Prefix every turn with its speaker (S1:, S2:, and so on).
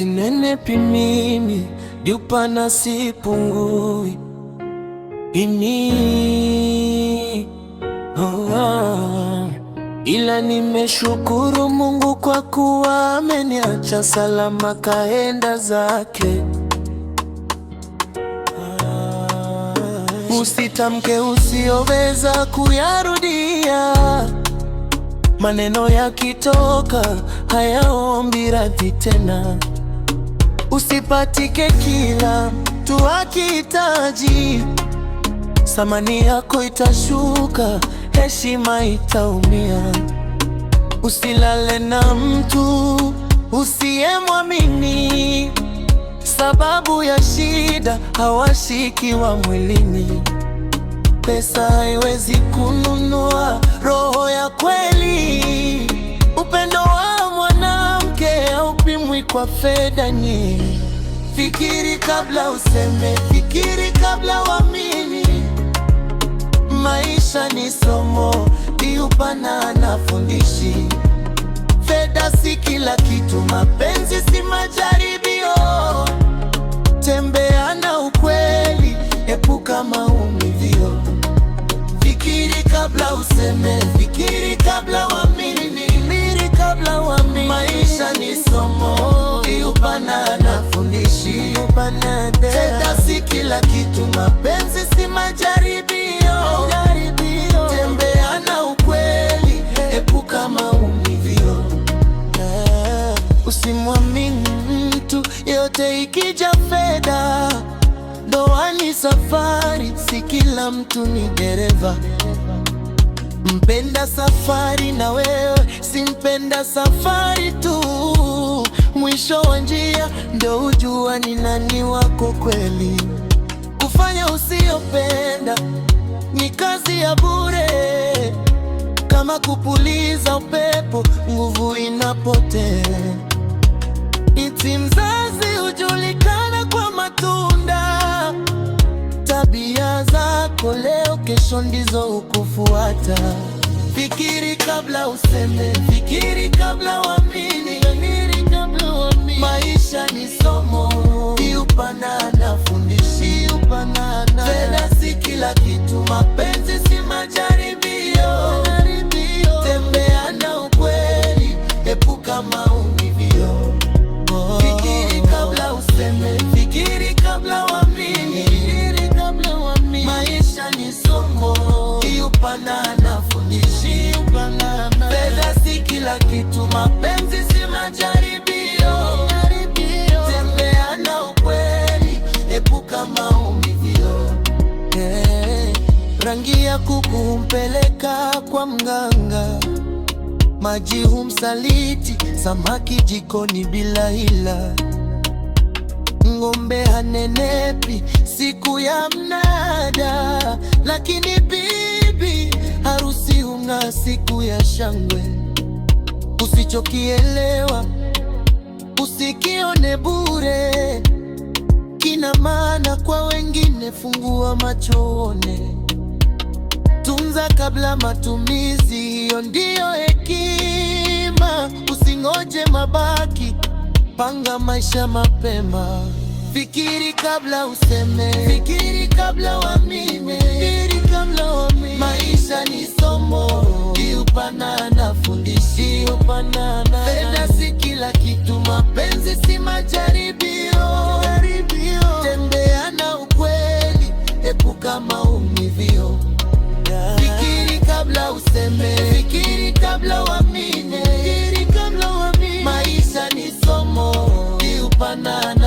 S1: sinenepi mimi jupana sipungui ini oh, Ila nimeshukuru Mungu kwa kuwa ameniacha salama kaenda zake
S2: Usitamke usioweza kuyarudia maneno yakitoka hayaombi radhi tena usipatike kila mtu akihitaji. Thamani yako itashuka, heshima itaumia. Usilale na mtu usiyemwamini, sababu ya shida hawashikiwa mwilini. Pesa haiwezi kununua roho ya kwa fedha nyingi. Fikiri kabla useme, fikiri kabla uamini. Maisha ni somo, iupana na fundishi. Fedha si kila kitu, mapenzi si majaribio. Tembea na ukweli, epuka maumivio. Fikiri kabla useme, fikiri kabla sana na tena, si kila kitu. Mapenzi si majaribio, tembea na ukweli, epuka maumivio. Eh, usimwamini mtu yote, ikija fedha ndoa ni safari, si kila mtu ni dereva. Mpenda safari na wewe, simpenda safari tu mwisho wa njia ndio ujua ni nani wako kweli. Kufanya usiyopenda ni kazi ya bure, kama kupuliza upepo, nguvu inapotea. Iti mzazi hujulikana kwa matunda. Tabia zako leo, kesho ndizo ukufuata. Fikiri kabla useme, fikiri kabla kila kitu. Mapenzi si majaribio, tembea na ukweli, epuka maumivio. Eh, rangi ya kuku humpeleka kwa mganga, maji humsaliti samaki jikoni bila hila, ng'ombe hanenepi siku ya mnada, lakini bibi harusi hung'aa siku ya shangwe usichokielewa usikione bure, kina maana kwa wengine. Fungua macho uone, tunza kabla matumizi, hiyo ndiyo hekima. Usingoje mabaki, panga maisha mapema. Fikiri kabla useme, fikiri kabla uamini,
S3: fikiri kabla uamini.
S2: Maisha ni somo, jiupa
S3: yanayofanana.
S2: Fedha si kila kitu, mapenzi si majaribio. Tembea na ukweli, epuka maumivio. Fikiri kabla useme, fikiri kabla uamini. Maisha ni somo, iupanana